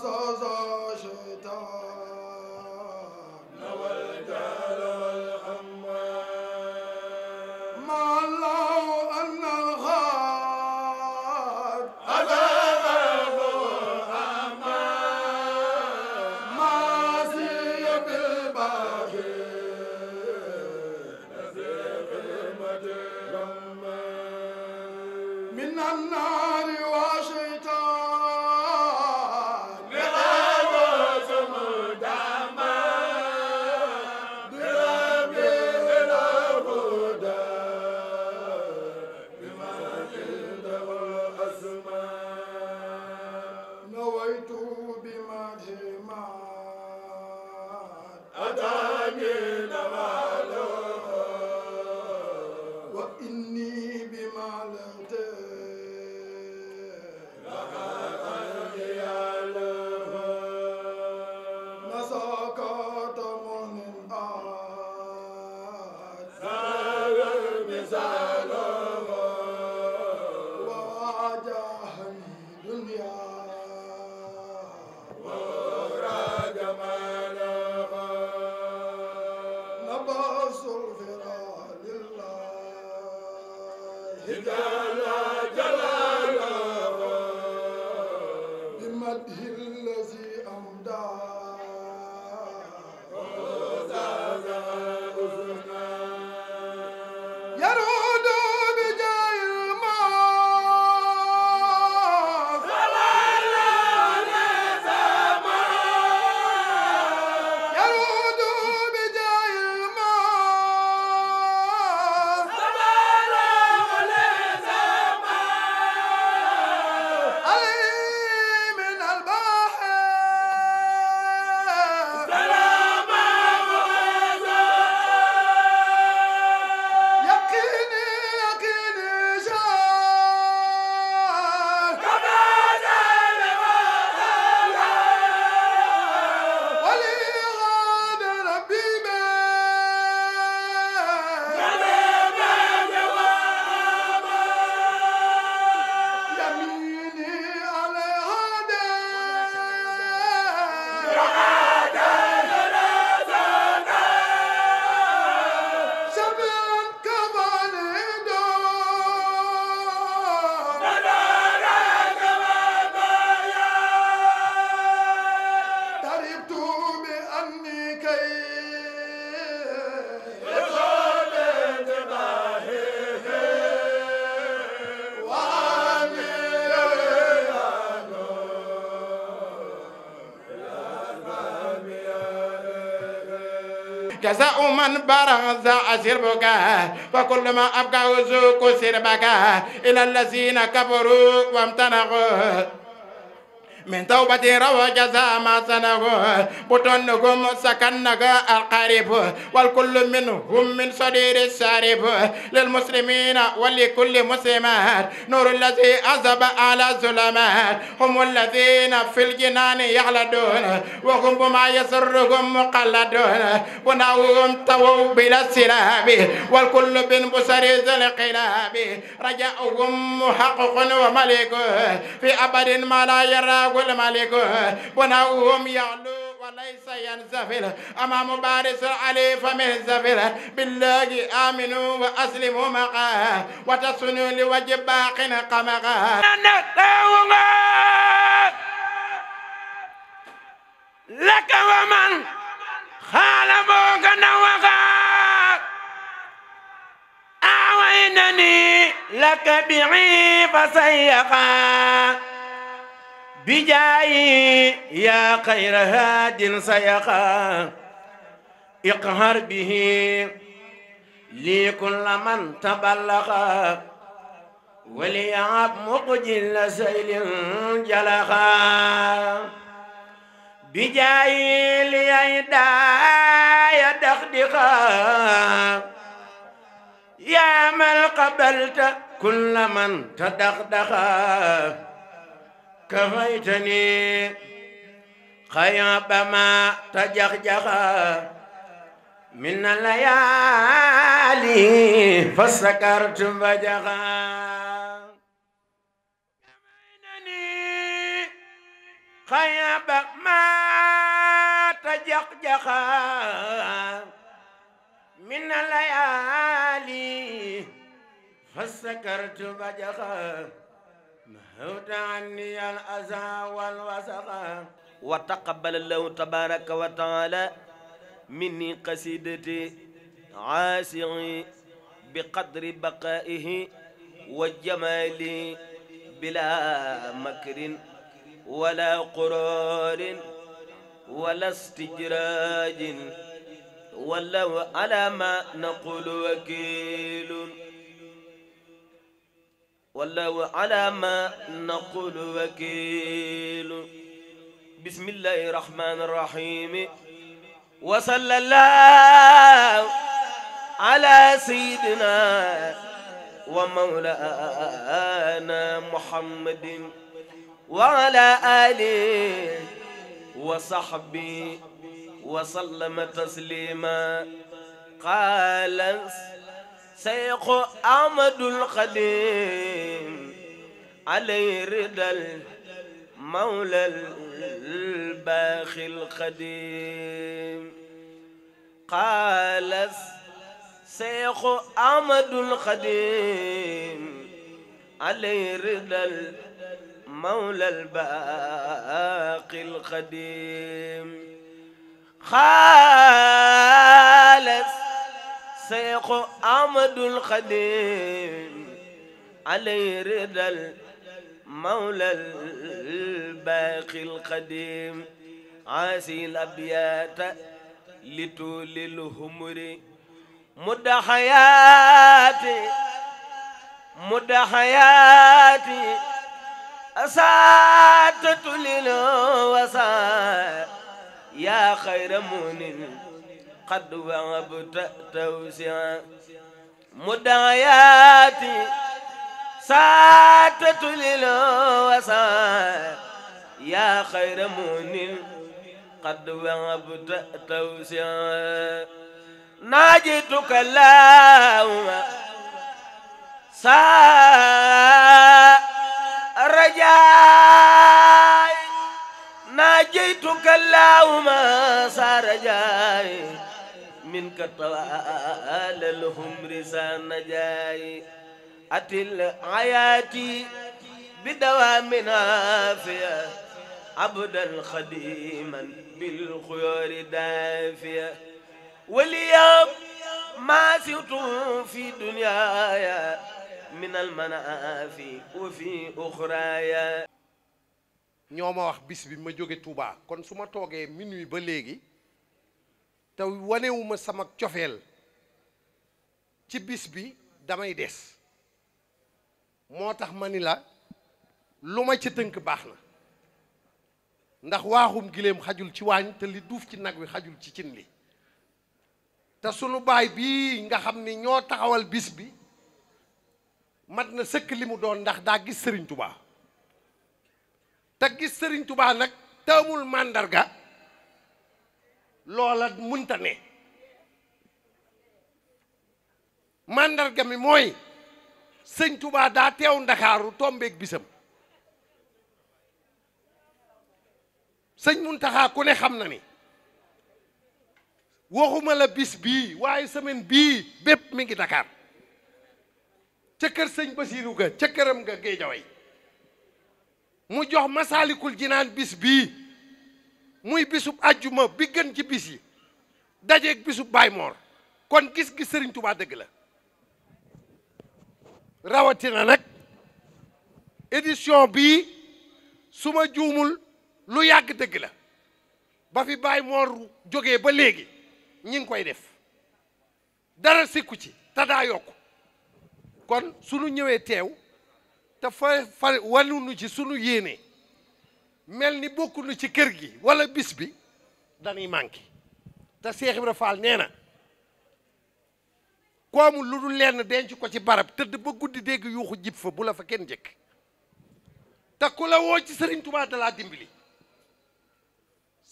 so so جزاء من برز أسربك فكلما أبقى وزوك سربك إلى الذين كفروا وامتنعوا من توبة روى جزاء ما سنه بطنكم سكنك القريب والكل منهم من صدير الشارب للمسلمين ولكل مسلمات نور الذي أذب على الظلمات هم الذين في الجنان يخلدون وهم بما يسرهم مقلدون بناؤهم تووا بلا سلاب والكل بن بصر ذي القلاب رجاؤهم محقق وملك في أبد ما لا يراه والملك بناؤهم يعلو وليس ينزفل أمام بارس علي فمن زفل بالله آمنوا وأسلموا معاه وتصنوا لوجه باق قمقا لك ومن خالفوك نوغاك أعوينني لك بعي فسيقا بجاي يا خير هاد سيقا اقهر به لي كل من تبلغ وليعب مقجل سيل جلخا بجاي ليدا يدخدخا يا من قبلت كل من تدخدخا كفيتني خياب ما تجخجخ من الليالي فسكرت فجخا كفيتني خياب ما تجخجخ من الليالي فسكرت فجخا هوتاني الأزهى والوسخى وتقبل الله تبارك وتعالى مني قصيدتي عاسعي بقدر بقائه وجمالي بلا مكر ولا قرار ولا استجراج والله على ما نقول وكيل wallahu ala ma naqulu wakilu bismillahi rahmani rahim wa sallallahu ala sayyidina wa mawlana muhammadin wa ala alihi wa sahbihi wa sallama taslima qala seyxu ahmadul xadim alay ridal mawlal baaxil xadim xaalas seyxu ahmadul xadim alay ridal mawlal baaxil xadim xaalas seyxu ahmadul xadim alay ridal mawlal baaqil xadim asil abyaata li tuulil humri mudda xayaati mudda xayaati asaatatu lil wasa yaa xayra munin قد وهبت توسعا مدعياتي ساتت للوسع يا خير مؤمن قد وهبت توسعا ناجيتك اللهم سا رجاي ناجيتك اللهم سا رجاي منك طوال الهم رسان نجاي أتل حياتي بدوامنا فيا عبدا خديما بالخيار دافيا واليوم ما سرت في دنياي من المنافي وفي أخرايا ñoo ma wax bis bi ma jóge Touba kon su ma toogee minuit ba léegi te wanewuma sama cofeel ci bis bi damay des moo tax ma ni la lu ma ci tënk baax na ndax waaxum giléem xajul ci waañ te li duuf ci nag wi xajul ci cin li te sunu baay bii nga xam ni ñoo taxawal bis bi mat na sëkk li mu doon ndax daa gis sëriñ tubaa te gis sëriñ tubaa nag te amul màndarga loola munta ne màndarga mi mooy sëñ Touba daa teew ndakaaru tombeeg bisam sëñ Muntaxa ku ne xam na ni waxuma la bis bii waaye semaine bii bépp mi ngi Dakar ca kër sëñ Basiiru ga ca këram ga Géejawaay mu jox Masaalikul Jinaan bis bii muy bisub ajjuma bi gën ci bis yi dajeeg bisub Baay Moor kon gis-gis Sëriñ Tuubaa dëgg la rawatina nag édition bii su ma juumul lu yàgg dëgg la ba fi Baay Moor jóge ba léegi ñi ngi koy def dara sikku ci te daa yokk kon sunu ñëwee teew te fa fa wanuñu ci sunu yéene mel ni bokkunu ci kër gi wala bis bi dañuy manqué te Cheikh Ibra Fall nee na ku lu dul lenn denc ko ci barab tëdd ba guddi dégg yuuxu jib fa bu la fa kenn jëkk te ku la woo ci sëriñ Touba dalaa dimbali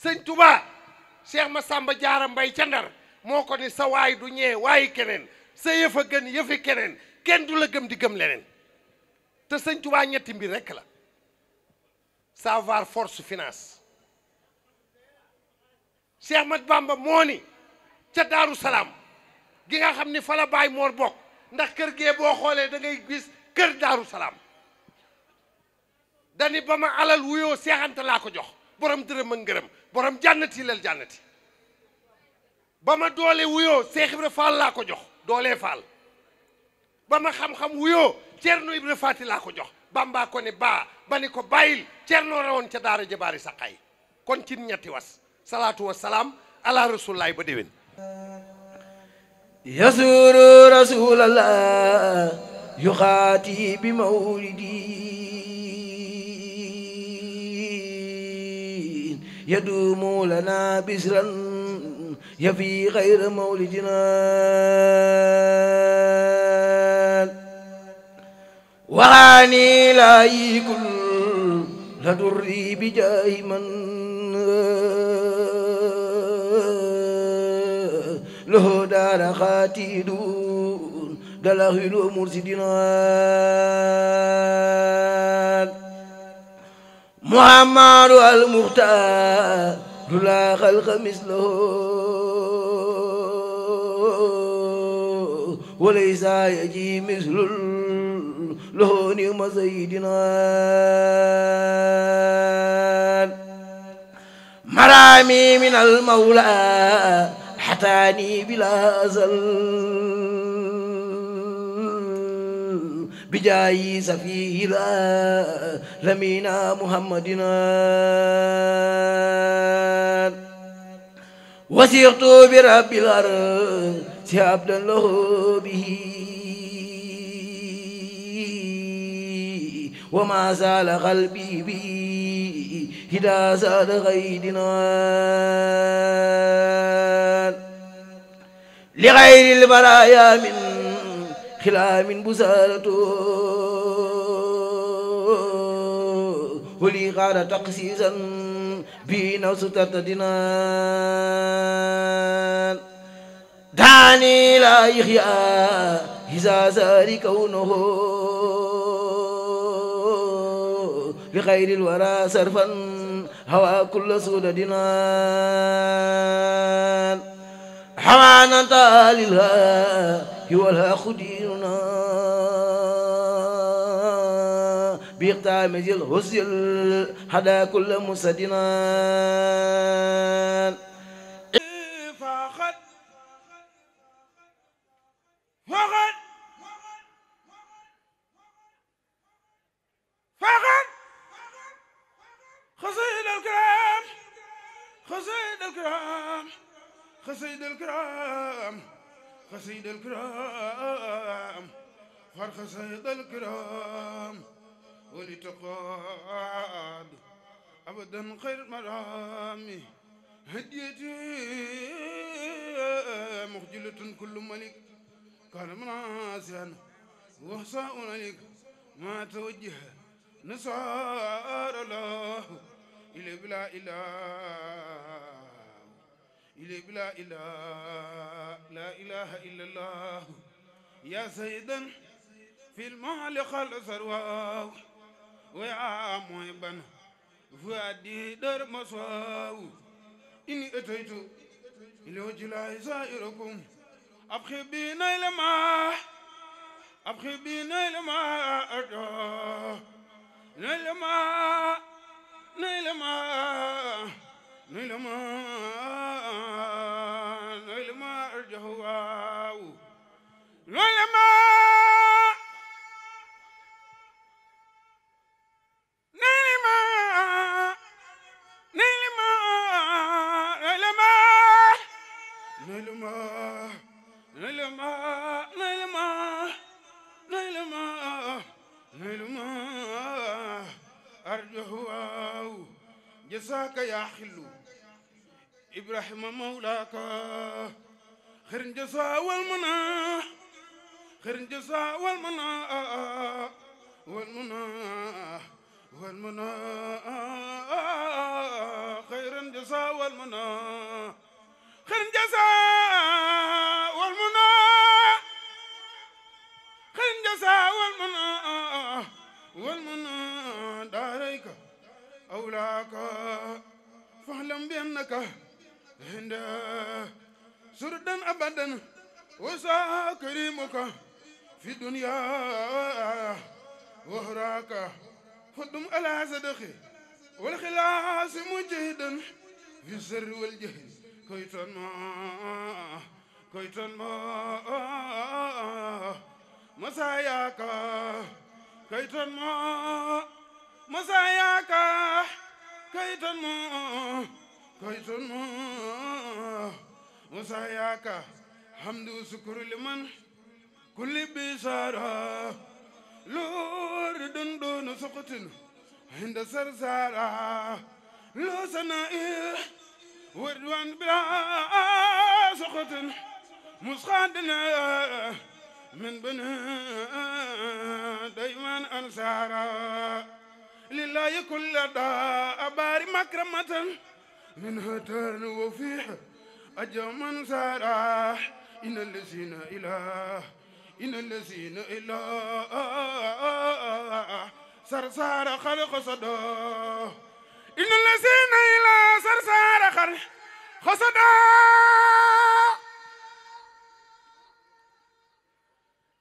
sëñ Touba Cheikh Massamba Diarra Mbaye ca Ndar moo ko ni sa waay du ñee waayi keneen sa yëf gën yëfi keneen kenn du la gëm di gëm leneen te sëñ Touba ñetti mbir rekk la savoir force finance Cheikh Ahmad Bamba moo ni ca Daaru Salaam gi nga xam ni fa la Baay Moor bokk ndax kër gee boo xoolee da ngay gis kër Daaru Salaam dani ba ma alal wuyoo seexanta laa ko jox borom dërëm ak ngërëm borom jànnati lal jànnati ba ma doole wuyoo Seex Ibra Faal laa ko jox doolee Faal ba ma xam-xam wuyoo Ceerno Ibra Faati laa ko jox bamba ko ne baa ba ko bàyyil ceernoo rawoon ca daara jabaari saqaay kon ci ñetti was salaatu wa salaam ala rasulillahi ba déwén yasuru rasulallah yuxaati bi mawlidi yaduumu lana bisran يفي غير مولدنا waraani laa yikun la durri bi jaahi man lahu daara xaatidun dalaxil mursidinaat muhammadu al muxtaar du laa xalqa mislahu wa laysa yaji mislul له نعم سيدنا مرامي من المولى حتاني بلا أزل بجاي سفيه لا لمينا محمدنا وسرت برب الأرض سيابدا له به وما زال قلبي بي إذا زاد غيدنا لغير البرايا من خلام بزارته ولي غار تقسيزا بين وستتدنا دعني لا يحيى إذا زار كونه bi xayril wara sarfan hawa kulla suuda dinaan hawa nantaalil haa wal haa xudiiruna bi ixtaamijil husil hada kulla musa dinaan faqat قصيد الكرام قصيد الكرام قصيد الكرام قصيد الكرام فر قصيد الكرام ولتقاد أبدا خير مرامي هديتي مخجلة كل ملك كان مناسيا وحساء عليك ما توجه نسعار الله il est bila ila il est bila ila la ilaha illa allah ya sayyidan fil maali xal sarwaaw wa ya mooy ban fuaddi dar maswaaw ini ataytu iloo jilaahi saa'irakum abxi bi nay la ma abxi bi nay la ma ardo nay la ma nuy la ma nuy la ma nuy la ma jox waaw nuy la ma nuy la ma nuy la ma jasaaka yaa xillu ibrahima mawlaaka xërin jasa wal mana xërin jasa wal mana wal mana wal mana xërin jasa wal mana xërin jasa أولاك فاعلم بأنك عند سردا أبدا وسع كريمك في دنيا وهراك فدم على صدقي والخلاص مجهدا في السر والجهل كيتا ما كيتا ما مساياك كيتا ما مساياك كيت مو كيت مو مساياك حمد وشكر لمن كل بشارة لور دون دون سقط عند سرسارة لو سنائي وردوان بلا سقط مسخادنا من بني دايما أنصارا لله كل داء بار مكرمة من هتان وفيح أجمن سراح إن الذين إله إن الذين إله سرسار خلق صدا إن الذين إله سرسار خلق صدا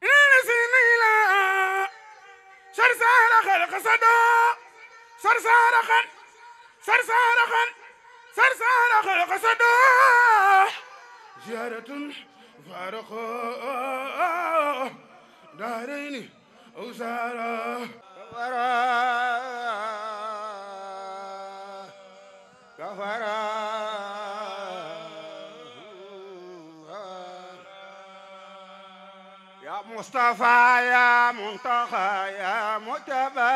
إن الذين إله سرسار خلق صدا سرسارخا سرسارخا سرسارخا قصدا زيارة فارقا دارين أو سارا يا مصطفى يا منتقى يا متبى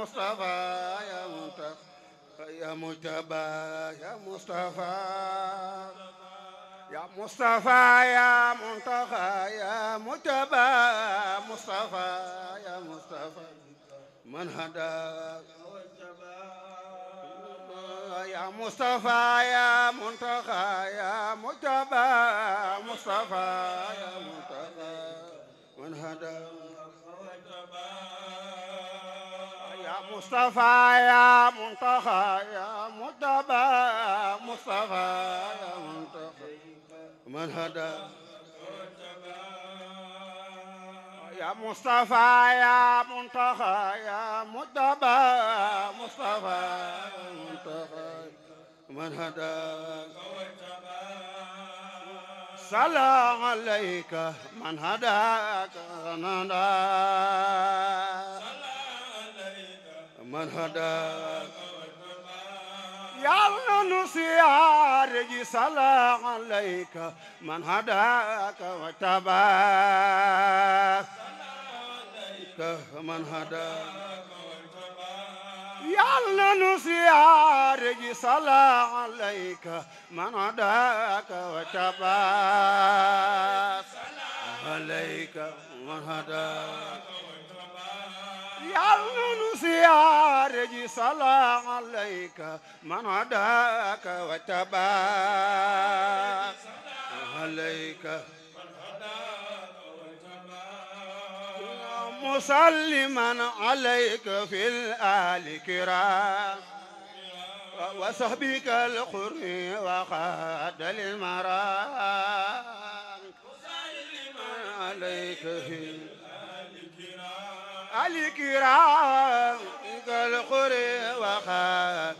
مصطفى يا متبى يا متبى يا مصطفى يا مصطفى يا منتقى يا متبى مصطفى يا مصطفى من هدى يا مصطفى يا منتقى يا متبى مصطفى يا مصطفى هدى يا مصطفى يا منتخى يا متبى مصطفى يا منتخى من هدى يا مصطفى يا منتخى يا متبى مصطفى يا منتخى من هدى salaam alayka man hadaaka man hadaaka yal na nu siyaare ji salaam alayka man hadaaka wa tabaaka man hadaaka yàlla nu siyaare ji salaa alayka man hadaaka wa tabaas alayka man hadaaka yàlla nu siyaare ji salaa alayka man hadaaka wa tabaas alayka مسلما عليك في الآل كرام وصحبك الخر وقاد المرام مسلما عليك في الآل كرام كالخر وقاد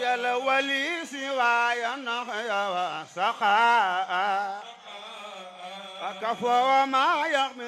يا الولي سواي النحيا وسخاء كفو وما يغمي